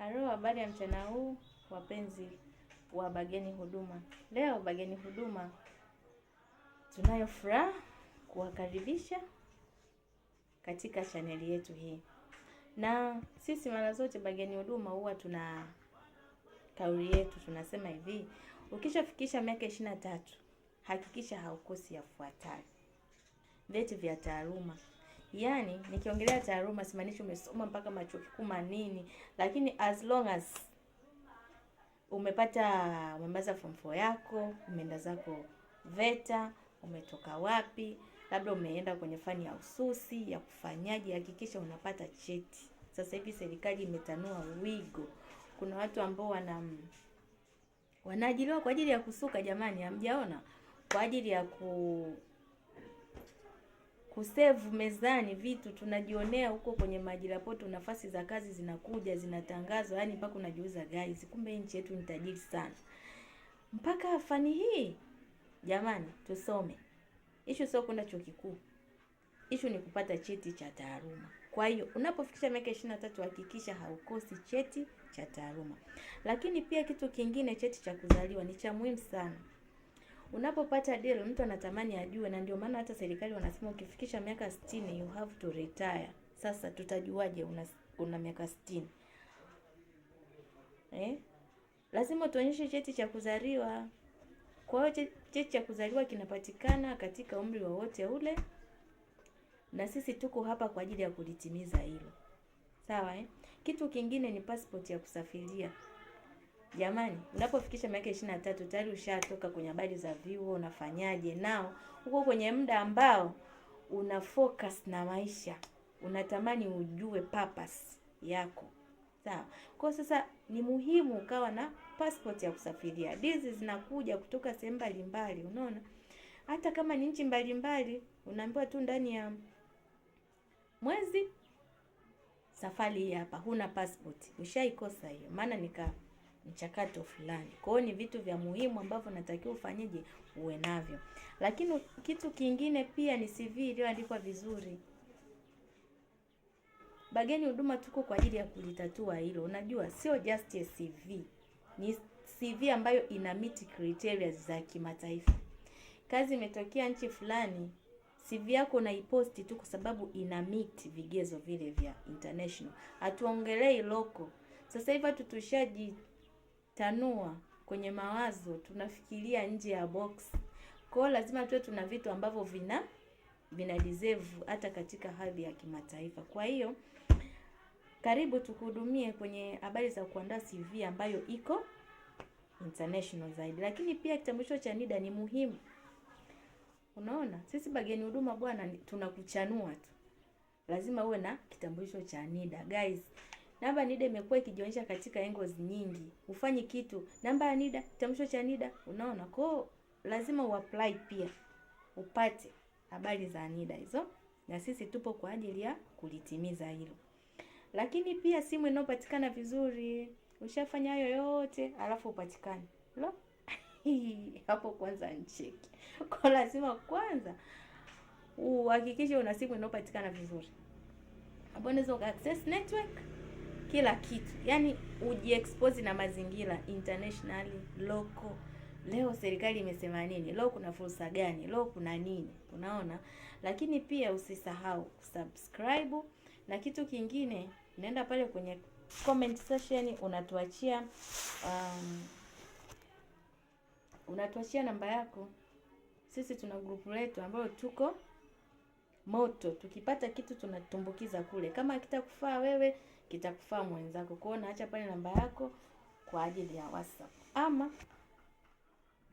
Halo, habari ya mchana huu wapenzi wa Bageni Huduma. Leo Bageni Huduma tunayo furaha kuwakaribisha katika chaneli yetu hii, na sisi mara zote Bageni Huduma huwa tuna kauli yetu, tunasema hivi: ukishafikisha miaka ishirini na tatu hakikisha haukosi yafuatayo: vyeti vya taaluma Yaani nikiongelea taaluma simaanishi umesoma mpaka machuo kikuu manini, lakini as long as umepata umemaliza form 4 yako, umeenda zako VETA, umetoka wapi, labda umeenda kwenye fani ya ususi ya kufanyaji hakikisha unapata cheti. Sasa hivi serikali imetanua wigo, kuna watu ambao wana wanaajiriwa kwa ajili ya kusuka. Jamani, hamjaona? Kwa ajili ya ku kusevu mezani vitu tunajionea huko kwenye majira poto, nafasi za kazi zinakuja zinatangazwa, yani mpaka unajiuza guys, kumbe nchi yetu ni tajiri sana mpaka fani hii. Jamani, tusome. Ishu sio kwenda chuo kikuu, ishu ni kupata cheti cha taaluma. Kwa hiyo unapofikisha miaka ishirini na tatu hakikisha haukosi cheti cha taaluma. Lakini pia kitu kingine, cheti cha kuzaliwa ni cha muhimu sana. Unapopata deal mtu anatamani ajue, na ndio maana hata serikali wanasema ukifikisha miaka 60 you have to retire. Sasa tutajuaje una, una miaka 60? eh? Lazima tuonyeshe cheti cha kuzaliwa. Kwa hiyo cheti cha kuzaliwa kinapatikana katika umri wowote ule, na sisi tuko hapa kwa ajili ya kulitimiza hilo, sawa eh? Kitu kingine ni passport ya kusafiria. Jamani, unapofikisha miaka ishirini na tatu tayari ushatoka kwenye habari za vyuo, unafanyaje nao Uko kwenye muda ambao una focus na maisha, unatamani ujue purpose yako. Sawa. Kwa sasa ni muhimu ukawa na passport ya kusafiria. Dizi zinakuja kutoka sehemu mbalimbali, unaona? Hata kama ni nchi mbalimbali, unaambiwa tu ndani ya mwezi safari hapa, huna passport. Ushaikosa hiyo. Maana nika mchakato fulani. Kwa hiyo ni vitu vya muhimu ambavyo natakiwa ufanyeje, uwe navyo. Lakini kitu kingine pia ni CV iliyoandikwa vizuri. Bageni Huduma tuko kwa ajili ya kulitatua hilo. Unajua sio just a CV. Ni CV ambayo ina meet criteria za kimataifa. Kazi imetokea nchi fulani, CV yako unaiposti tu kwa sababu ina meet vigezo vile vya international. Hatuongelei loko. Sasa hivi hatu tushaji tanua kwenye mawazo, tunafikiria nje ya box. Kwa hiyo lazima tuwe tuna vitu ambavyo vina vina deserve hata katika hadhi ya kimataifa. Kwa hiyo karibu tukuhudumie kwenye habari za kuandaa CV ambayo iko international zaidi. Lakini pia kitambulisho cha NIDA ni muhimu. Unaona? Sisi bageni huduma bwana tunakuchanua tu. Lazima uwe na kitambulisho cha NIDA. Guys, Namba ya NIDA imekuwa ikijionyesha katika angles nyingi. Ufanye kitu, namba ya NIDA, kitambulisho cha NIDA, unaona. Kwa hiyo lazima uapply pia upate habari za NIDA hizo, na sisi tupo kwa ajili ya kulitimiza hilo. Lakini pia simu inayopatikana vizuri, ushafanya hayo yote alafu upatikane lo hapo kwanza ncheki kwa lazima kwanza uhakikishe una simu inayopatikana vizuri, ambao unaweza uka access network kila kitu, yaani ujiexpose na mazingira internationally local. Leo serikali imesema nini? Leo kuna fursa gani? Leo kuna nini? Unaona, lakini pia usisahau kusubscribe, na kitu kingine unaenda pale kwenye comment section unatuachia um, unatuachia namba yako. Sisi tuna grupu letu ambayo tuko moto, tukipata kitu tunatumbukiza kule. Kama hakitakufaa wewe kitakufaa mwenzako. Kwa hiyo naacha pale namba yako kwa ajili ya WhatsApp, ama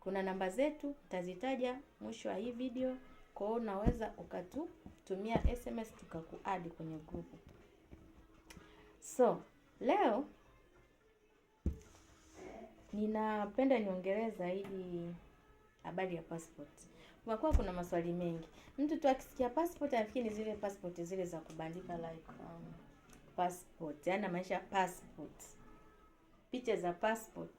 kuna namba zetu tazitaja mwisho wa hii video. Kwa hiyo unaweza ukatutumia SMS tukakuadi kwenye grupu. So leo ninapenda niongelee zaidi habari ya passport. Kumekuwa kuna maswali mengi, mtu tu akisikia passport anafikiri ni zile passport zile za kubandika like um, passport, yani namaanisha passport, picha za passport.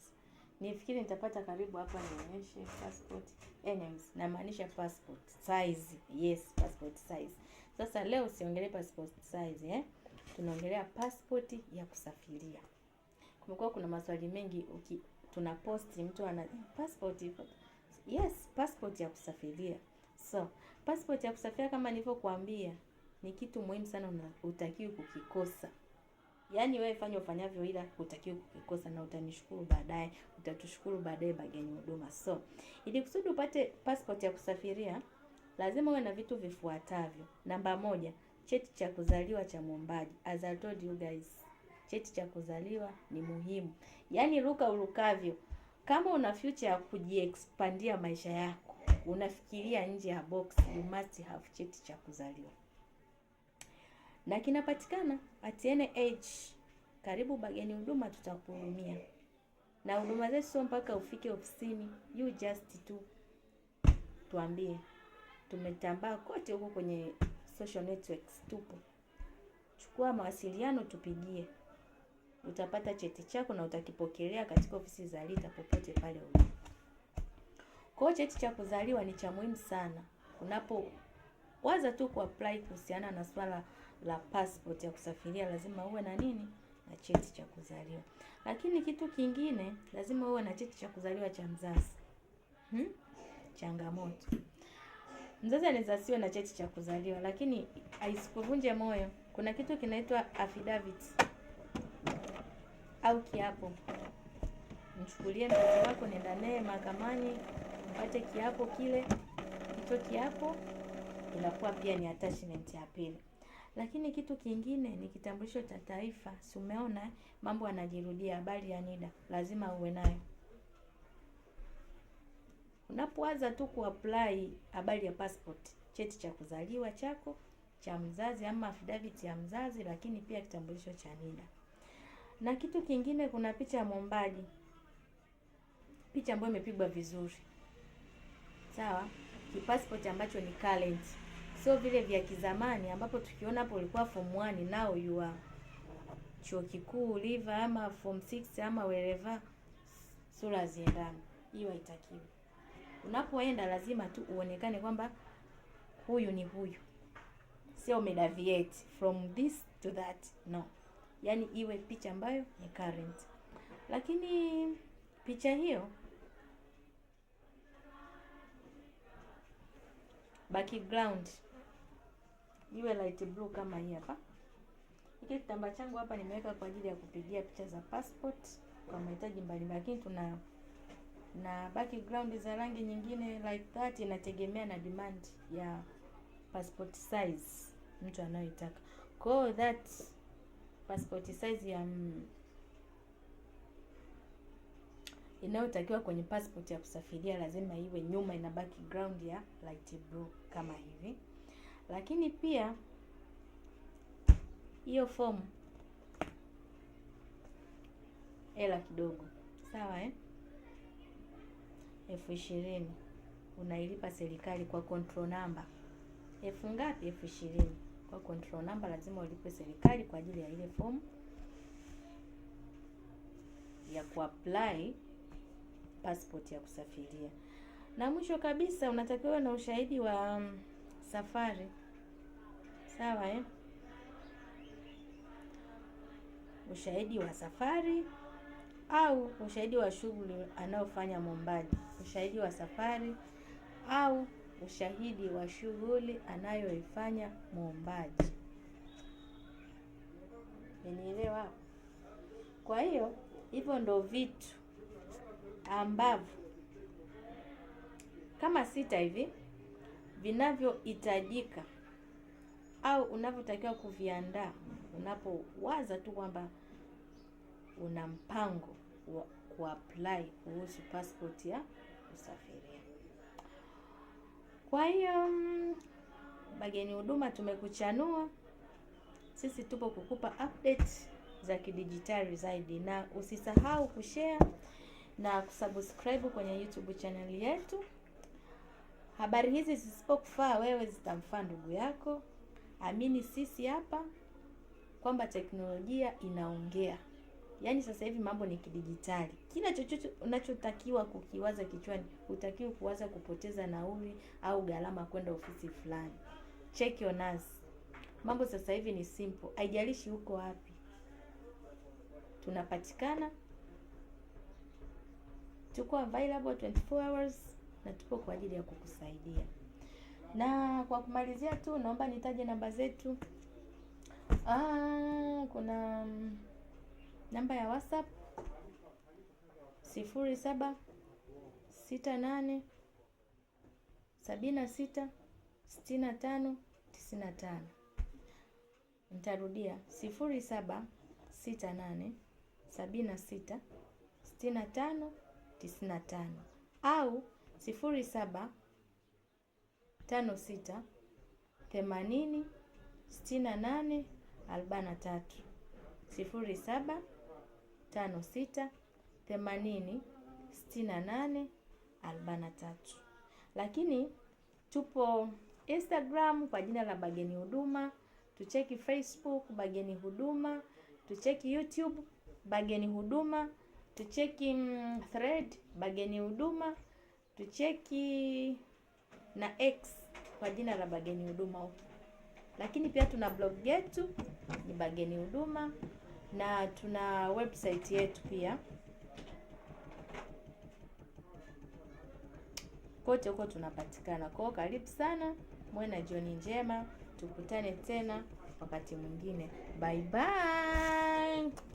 Nifikiri nitapata karibu hapa, nionyeshe passport. Anyways, maanisha passport size. Yes, passport size. Sasa leo siongelee passport size eh, tunaongelea passport ya kusafiria. Kumekuwa kuna maswali mengi uki, tuna posti mtu ana eh, passport. Yes, passport ya kusafiria. So passport ya kusafiria kama nilivyokuambia ni kitu muhimu sana, hutakiwi kukikosa. Yaani wewe fanya ufanyavyo, ila hutakiwi kukikosa, na utanishukuru baadaye, utatushukuru baadaye Bageni Huduma. So ili kusudi upate passport ya kusafiria lazima uwe na vitu vifuatavyo. Namba moja, cheti cha kuzaliwa cha mwombaji. As I told you guys, cheti cha kuzaliwa ni muhimu, yaani ruka urukavyo. Kama una future ya kujiexpandia maisha yako, unafikiria nje ya box, you must have cheti cha kuzaliwa na kinapatikana at any age. Karibu Bageni Huduma, tutakuhudumia na huduma zetu sio mpaka ufike ofisini, you just tu tuambie. Tumetambaa kote huko kwenye social networks, tupo. Chukua mawasiliano, tupigie, utapata cheti chako na utakipokelea katika ofisi za RITA popote pale ulipo. Kwa cheti cha kuzaliwa ni cha muhimu sana unapowaza tu kuapply kuhusiana na swala la passport ya kusafiria lazima uwe na nini na cheti cha kuzaliwa. Lakini kitu kingine lazima uwe na cheti cha kuzaliwa cha mzazi. Hmm? Changamoto. Mzazi anaweza siwe na cheti cha kuzaliwa lakini aisikuvunje moyo. Kuna kitu kinaitwa affidavit au kiapo. Mchukulie mtoto wako, nenda naye mahakamani, mpate kiapo kile. Hicho kiapo inakuwa pia ni attachment ya pili. Lakini kitu kingine ni kitambulisho cha taifa. Si umeona mambo yanajirudia, habari ya NIDA lazima uwe nayo. Unapoanza tu kuapply habari ya passport, cheti cha kuzaliwa chako cha mzazi ama affidavit ya mzazi, lakini pia kitambulisho cha NIDA. Na kitu kingine, kuna picha ya mwombaji, picha ambayo imepigwa vizuri, sawa, kipasipoti ambacho ni current sio vile vya kizamani ambapo tukiona hapo ulikuwa form 1 now you are chuo kikuu uliva ama form 6 ama wereva, sura ziendane. Hiyo haitakiwi. Unapoenda lazima tu uonekane kwamba huyu ni huyu, sio umedaviate from this to that no. yani iwe picha ambayo ni current, lakini picha hiyo background iwe light blue kama hii hapa. Hiki kitambaa changu hapa nimeweka kwa ajili ya kupigia picha za passport kwa mahitaji mbalimbali, lakini tuna na background za rangi nyingine like that, inategemea na demand ya passport size mtu anayoitaka. Kwa that passport size ya mm, inayotakiwa kwenye passport ya kusafiria lazima iwe nyuma ina background ya light blue kama hivi. Lakini pia hiyo fomu hela kidogo, sawa eh? elfu ishirini unailipa serikali kwa control namba. Elfu ngapi? Elfu ishirini kwa control namba, lazima ulipe serikali kwa ajili ya ile fomu ya kuapply passport ya kusafiria. Na mwisho kabisa unatakiwa na ushahidi wa mm, safari. Sawa eh? Ushahidi wa safari au ushahidi wa shughuli anayofanya mwombaji. Ushahidi wa safari au ushahidi wa shughuli anayoifanya mwombaji. Unielewa? Kwa hiyo hivyo ndo vitu ambavyo kama sita hivi vinavyohitajika au unavyotakiwa kuviandaa unapowaza tu kwamba una mpango wa kuapply kuhusu passport ya kusafiria. Kwa hiyo mm, Bageni Huduma tumekuchanua. Sisi tupo kukupa update za kidijitali zaidi, na usisahau kushare na kusubscribe kwenye YouTube channel yetu. Habari hizi zisipokufaa wewe, zitamfaa ndugu yako. Amini sisi hapa kwamba teknolojia inaongea. Yaani sasa hivi mambo ni kidijitali. Kila chochote unachotakiwa kukiwaza kichwani, hutakiwi kuwaza kupoteza nauli au gharama kwenda ofisi fulani. Check your nas. Mambo sasa hivi ni simple, haijalishi uko wapi, tunapatikana, tuko available 24 hours na tupo kwa ajili ya kukusaidia. Na kwa kumalizia tu naomba nitaje namba zetu. Ah, kuna mm, namba ya WhatsApp sifuri saba sita nane sabini na sita sitini na tano tisini na tano. Nitarudia sifuri saba sita nane sabini na sita sitini na tano tisini na tano au sifuri saba tano sita themanini sitini na nane arobaini na tatu sifuri saba tano sita themanini sitini na nane arobaini na tatu. Lakini tupo Instagram kwa jina la Bageni Huduma, tucheki Facebook Bageni Huduma, tucheki YouTube Bageni Huduma, tucheki mm, Thread Bageni Huduma tucheki na X kwa jina la Bageni Huduma huko, lakini pia tuna blog yetu ni Bageni Huduma na tuna website yetu pia. Kote huko tunapatikana. Kwa karibu sana, mwe na jioni njema, tukutane tena wakati mwingine. Bye bye.